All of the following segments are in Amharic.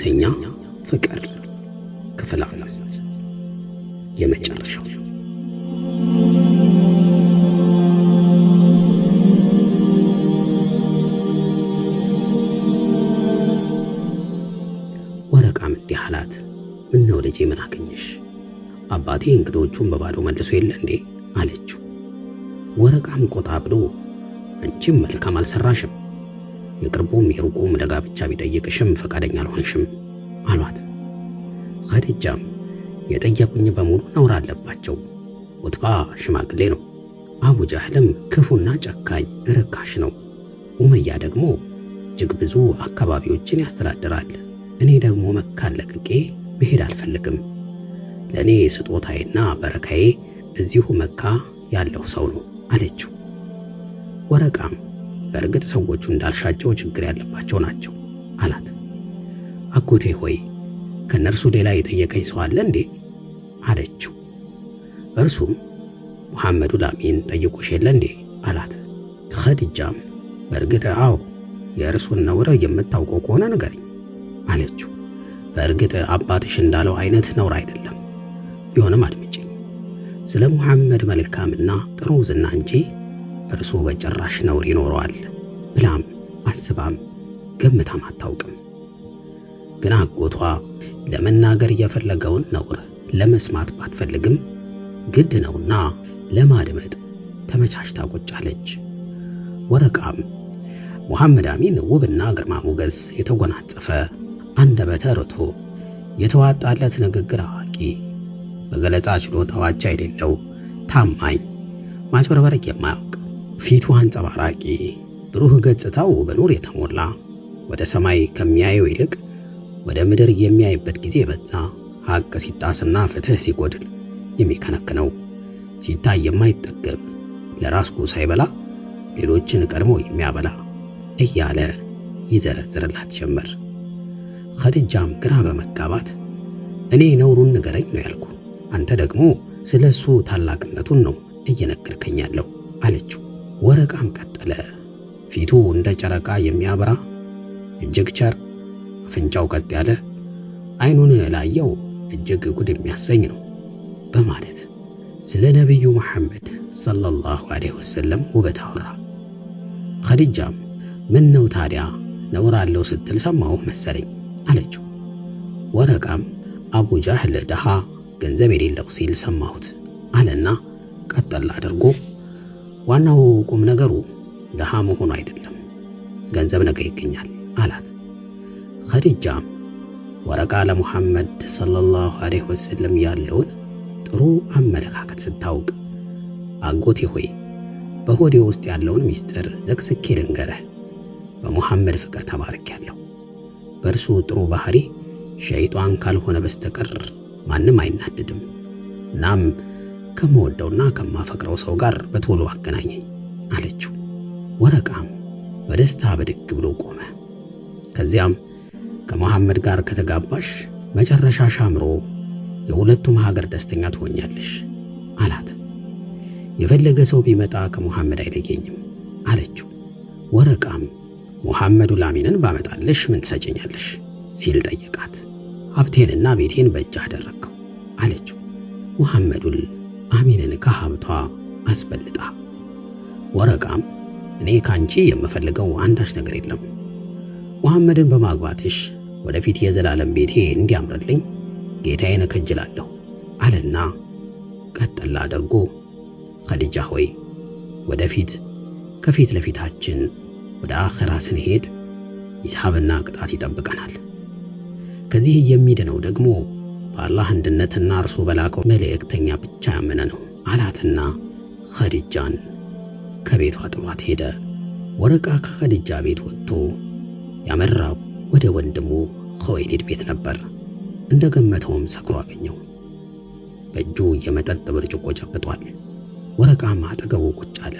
እውነተኛ ፍቅር ክፍል አምስት የመጨረሻው። ወረቃም እንዲህ አላት፣ ምነው ልጄ ምን አገኘሽ? አባቴ እንግዶቹን በባዶ መልሶ የለ እንዴ አለችው። ወረቃም ቆጣ ብሎ አንቺም መልካም አልሰራሽም፣ የቅርቡም የሩቁም ለጋብቻ ቢጠይቅሽም ፈቃደኛ አልሆንሽም አሏት። ኸዲጃም የጠየቁኝ በሙሉ ነውር አለባቸው። ዑትባ ሽማግሌ ነው፣ አቡ ጃህልም ክፉና ጨካኝ እርካሽ ነው፣ ኡመያ ደግሞ እጅግ ብዙ አካባቢዎችን ያስተዳድራል። እኔ ደግሞ መካን ለቅቄ መሄድ አልፈልግም። ለእኔ ስጦታዬና በረካዬ እዚሁ መካ ያለው ሰው ነው አለችው። ወረቃም በእርግጥ ሰዎቹ እንዳልሻቸው ችግር ያለባቸው ናቸው አላት። አጎቴ ሆይ ከነርሱ ሌላ የጠየቀኝ ሰው አለ እንዴ? አለችው። እርሱም መሐመዱ ላሚን ጠይቆሽ የለ እንዴ? አላት። ኸዲጃም በእርግጥ አዎ፣ የእርሱን ነውር የምታውቀው ከሆነ ንገረኝ አለችው። በእርግጥ አባትሽ እንዳለው አይነት ነውር አይደለም፣ ቢሆንም አድምጪኝ፣ ስለ መሐመድ መልካምና ጥሩ ዝና እንጂ እርሱ በጭራሽ ነውር ይኖረዋል ብላም አስባም ገምታም አታውቅም። ግን አጎቷ ለመናገር የፈለገውን ነውር ለመስማት ባትፈልግም ግድ ነውና ለማድመጥ ተመቻችታ ቆጫለች። ወረቃም ሙሐመድ አሚን ውብና ግርማ ሞገስ የተጎናጸፈ አንደበተ ርቱዕ የተዋጣለት ንግግር አዋቂ በገለጻ ችሎታው አቻ የሌለው ታማኝ ማጭበርበር የማያውቅ ፊቱ አንጸባራቂ ብሩህ ገጽታው በኑር የተሞላ ወደ ሰማይ ከሚያየው ይልቅ ወደ ምድር የሚያይበት ጊዜ በዛ። ሀቅ ሲጣስና ፍትህ ሲጎድል የሚከነክነው ሲታይ የማይጠገም ለራስኩ ሳይበላ ሌሎችን ቀድሞ የሚያበላ እያለ ይዘረዝርላት ጀመር። ኸድጃም ግራ በመጋባት እኔ ነውሩን ንገረኝ ነው ያልኩ፣ አንተ ደግሞ ስለ እሱ ታላቅነቱን ነው እየነገርከኝ ያለው አለችው። ወረቃም ቀጠለ። ፊቱ እንደ ጨረቃ የሚያበራ እጅግ ቸር አፍንጫው ቀጥ ያለ አይኑን ላየው እጅግ ጉድ የሚያሰኝ ነው በማለት ስለ ነቢዩ መሐመድ ሰለላሁ ዐለይሂ ወሰለም ውበት አወራ። ኸዲጃም ምን ነው ታዲያ ነውር አለው ስትል ሰማሁ መሰለኝ አለችው። ወረቃም አቡ ጃህል ደሃ ገንዘብ የሌለው ሲል ሰማሁት አለና ቀጠል አድርጎ ዋናው ቁም ነገሩ ደሃ መሆኑ አይደለም፣ ገንዘብ ነገ ይገኛል አላት። ኸዲጃም ወረቃ ለሙሐመድ ሰለላሁ ዐለይሂ ወሰለም ያለውን ጥሩ አመለካከት ስታውቅ አጎቴ ሆይ በሆዴ ውስጥ ያለውን ምስጢር ዘቅዝኬ ልንገረህ፣ በሙሐመድ ፍቅር ተማርኬያለሁ። በእርሱ ጥሩ ባህሪ ሸይጧን ካልሆነ በስተቀር ማንም አይናደድም። እናም ከምወደውና ከማፈቅረው ሰው ጋር በቶሎ አገናኘኝ አለችው። ወረቃም በደስታ ብድግ ብሎ ቆመ። ከዚያም ከመሐመድ ጋር ከተጋባሽ መጨረሻ ሻምሮ የሁለቱም ሀገር ደስተኛ ትሆኛለሽ አላት። የፈለገ ሰው ቢመጣ ከመሐመድ አይለየኝም አለችው። ወረቃም መሐመዱ ላሚንን ባመጣልሽ ምን ትሰጭኛለሽ ሲል ጠየቃት። ሀብቴንና ቤቴን በእጅህ አደረግከው አለችው። መሐመዱል አሚንን ከሀብቷ አስበልጣ። ወረቃም እኔ ካንቺ የምፈልገው አንዳች ነገር የለም መሐመድን በማግባትሽ ወደፊት የዘላለም ቤቴ እንዲያምርልኝ ጌታዬን እከጅላለሁ አለና ቀጠላ አድርጎ ኸዲጃ ሆይ ወደፊት ከፊት ለፊታችን ወደ አኸራ ስንሄድ ሂሳብና ቅጣት ይጠብቀናል። ከዚህ የሚድነው ደግሞ በአላህ አንድነትና እርሱ በላከው መልእክተኛ ብቻ ያመነ ነው አላትና ኸዲጃን ከቤቷ ጥሏት ሄደ። ወረቃ ከኸዲጃ ቤት ወጥቶ ያመራው ወደ ወንድሙ ከወይሊድ ቤት ነበር። እንደገመተውም ሰክሮ አገኘው። በእጁ የመጠጥ ብርጭቆ ጨብጧል። ወረቃም አጠገቡ ቁጭ አለ።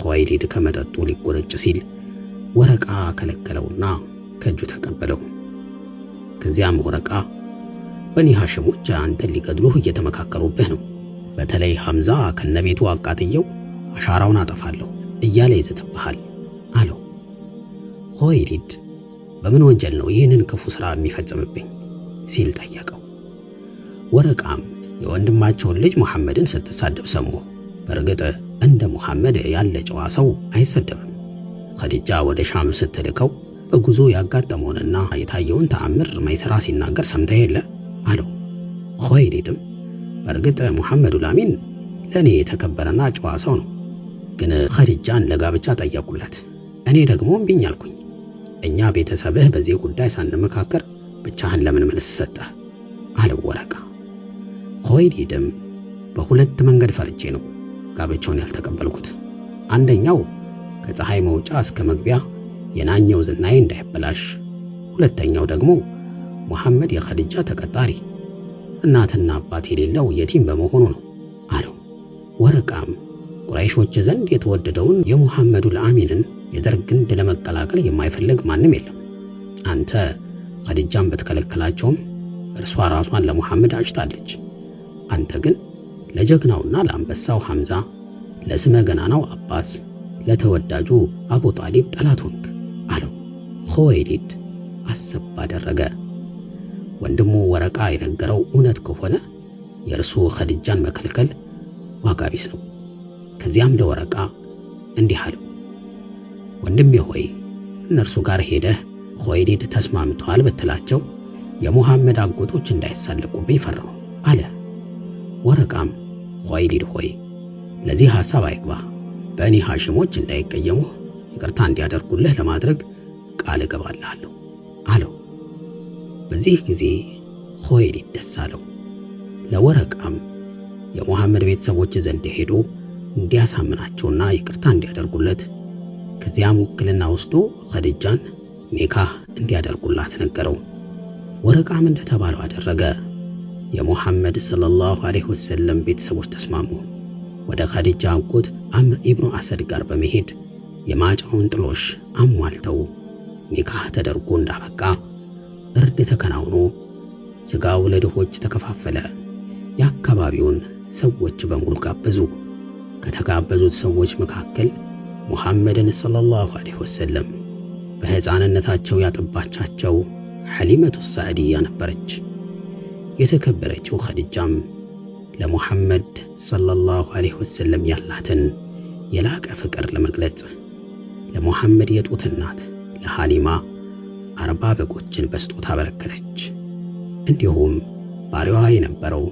ከወይሊድ ከመጠጡ ሊጎነጭ ሲል ወረቃ ከለከለውና ከእጁ ተቀበለው። ከዚያም ወረቃ በኒ ሐሽሞች አንተን ሊገድሉህ እየተመካከሩብህ ነው። በተለይ ሐምዛ ከነቤቱ አቃጥየው አሻራውን አጠፋለሁ እያለ ይዘትብሃል አለው ሆይሊድ በምን ወንጀል ነው ይህንን ክፉ ሥራ የሚፈጽምብኝ ሲል ጠየቀው። ወረቃም የወንድማቸውን ልጅ መሐመድን ስትሳደብ ሰሙ። በርግጥ እንደ መሐመድ ያለ ጨዋ ሰው አይሰደብም። ኸዲጃ ወደ ሻም ስትልከው በጉዞ ያጋጠመውንና የታየውን ተአምር ማይሰራ ሲናገር ሰምተ የለ አለው። ኹወይሊድም በርግጥ መሐመዱ ላሚን ለእኔ የተከበረና ጨዋ ሰው ነው፣ ግን ኸዲጃን ለጋብቻ ጠየቁለት፣ እኔ ደግሞ እምቢኝ አልኩኝ። እኛ ቤተሰብህ በዚህ ጉዳይ ሳንመካከር ብቻህን ለምን መልስ ሰጠህ? አለው ወረቃ። ኮይዲድም በሁለት መንገድ ፈርጄ ነው ጋብቻውን ያልተቀበልኩት። አንደኛው ከፀሐይ መውጫ እስከ መግቢያ የናኘው ዝናዬ እንዳይበላሽ፣ ሁለተኛው ደግሞ መሐመድ የኸዲጃ ተቀጣሪ እናትና አባት የሌለው የቲም በመሆኑ ነው አለው። ወረቃም ቁረይሾች ዘንድ የተወደደውን የሙሐመዱል አሚንን የደርግን ግንድ ለመቀላቀል የማይፈልግ ማንም የለም። አንተ ኸዲጃን ብትከለክላቸውም እርሷ ራሷን ለሙሐመድ አጭታለች። አንተ ግን ለጀግናውና ለአንበሳው ሐምዛ፣ ለስመ ገናናው አባስ፣ ለተወዳጁ አቡ ጣሊብ ጠላት ሆንክ አለው። ኹወይሊድ አሰብ አደረገ። ወንድሙ ወረቃ የነገረው እውነት ከሆነ የእርሱ ኸዲጃን መከልከል ዋጋ ቢስ ነው። ከዚያም ለወረቃ እንዲህ አለው። ወንድሜ ሆይ እነርሱ ጋር ሄደህ ሆይዲድ ተስማምተዋል ብትላቸው የሙሐመድ አጎቶች እንዳይሳለቁብኝ ፈራሁ አለ። ወረቃም ሆይዲድ ሆይ ለዚህ ሐሳብ አይግባ፣ በእኔ ሐሽሞች እንዳይቀየሙ ይቅርታ እንዲያደርጉልህ ለማድረግ ቃል እገባልሃለሁ አለው። በዚህ ጊዜ ሆይዲድ ደስ አለው። ለወረቃም የሙሐመድ ቤተሰቦች ዘንድ ሄዶ እንዲያሳምናቸውና ይቅርታ እንዲያደርጉለት ከዚያም ውክልና ወስዶ ኸዲጃን ኒካህ እንዲያደርጉላት ነገረው። ወረቃም እንደተባለው አደረገ። የሙሐመድ ሰለላሁ ዐለይሂ ወሰለም ቤተሰቦች ተስማሙ። ወደ ኸዲጃ አጎት አምር ኢብኑ አሰድ ጋር በመሄድ የማጫውን ጥሎሽ አሟልተው ኒካህ ተደርጎ እንዳበቃ እርድ ተከናውኖ ሥጋው ለድሆች ተከፋፈለ። የአካባቢውን ሰዎች በሙሉ ጋበዙ። ከተጋበዙት ሰዎች መካከል ሙሐመድን ሰለላሁ ዐለይሂ ወሰለም በሕፃንነታቸው ያጠባቻቸው ሐሊመቱ ሳዕዲያ ነበረች። የተከበረችው ኸዲጃም ለሙሐመድ ሰለላሁ ዐለይሂ ወሰለም ያላትን የላቀ ፍቅር ለመግለጽ ለሙሐመድ የጡት እናት ለሐሊማ አርባ በጎችን በስጦታ አበረከተች። እንዲሁም ባሪዋ የነበረው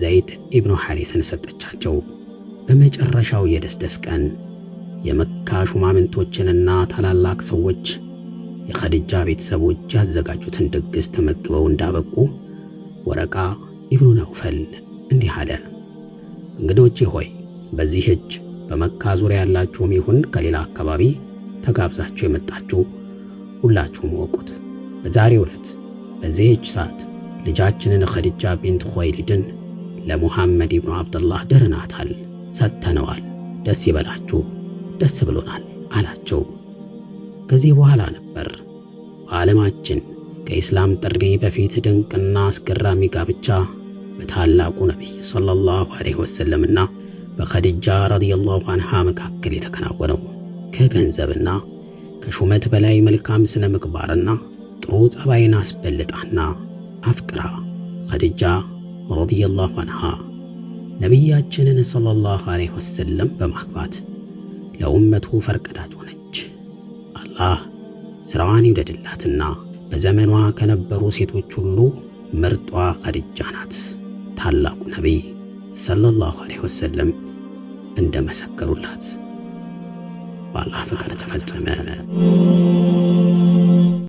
ዘይድ ኢብኑ ሐሪስን ሰጠቻቸው። በመጨረሻው የደስደስ ቀን የመካ ሹማምንቶችንና ታላላቅ ሰዎች የኸድጃ ቤተሰቦች ያዘጋጁትን ድግስ ተመግበው እንዳበቁ ወረቃ ኢብኑ ነውፈል እንዲህ አለ። እንግዶቼ ሆይ በዚህ እጅ በመካ ዙሪያ ያላችሁም ይሁን ከሌላ አካባቢ ተጋብዛችሁ የመጣችሁ ሁላችሁም ወቁት። በዛሬው ዕለት በዚህች ሰዓት ልጃችንን ኸዲጃ ቢንት ኹወይሊድን ለሙሐመድ ኢብኑ አብደላህ ደርናታል ሰጥተነዋል። ደስ ይበላችሁ። ደስ ብሎናል አላቸው። ከዚህ በኋላ ነበር ዓለማችን ከኢስላም ጥሪ በፊት ድንቅና አስገራሚ ጋብቻ በታላቁ ነቢይ ሰለላሁ ዐለይሂ ወሰለምና በኸዲጃ ረዲየላሁ አንሃ መካከል የተከናወነው። ከገንዘብና ከሹመት በላይ መልካም ስነ ምግባርና ጥሩ ጸባይን አስበልጣና አፍቅራ ኸዲጃ ረዲየላሁ አንሃ ነቢያችንን ሰለላሁ ዐለይሂ ወሰለም በማግባት ለኡመቱ ፈርቀዳጅ ሆነች። አላህ ስራዋን ይውደድላትና በዘመኗ ከነበሩ ሴቶች ሁሉ ምርጧ ኸዲጃ ናት። ታላቁ ነቢይ ሰለላሁ ዐለይሂ ወሰለም እንደመሰከሩላት በአላህ ፍቅር ተፈጸመ።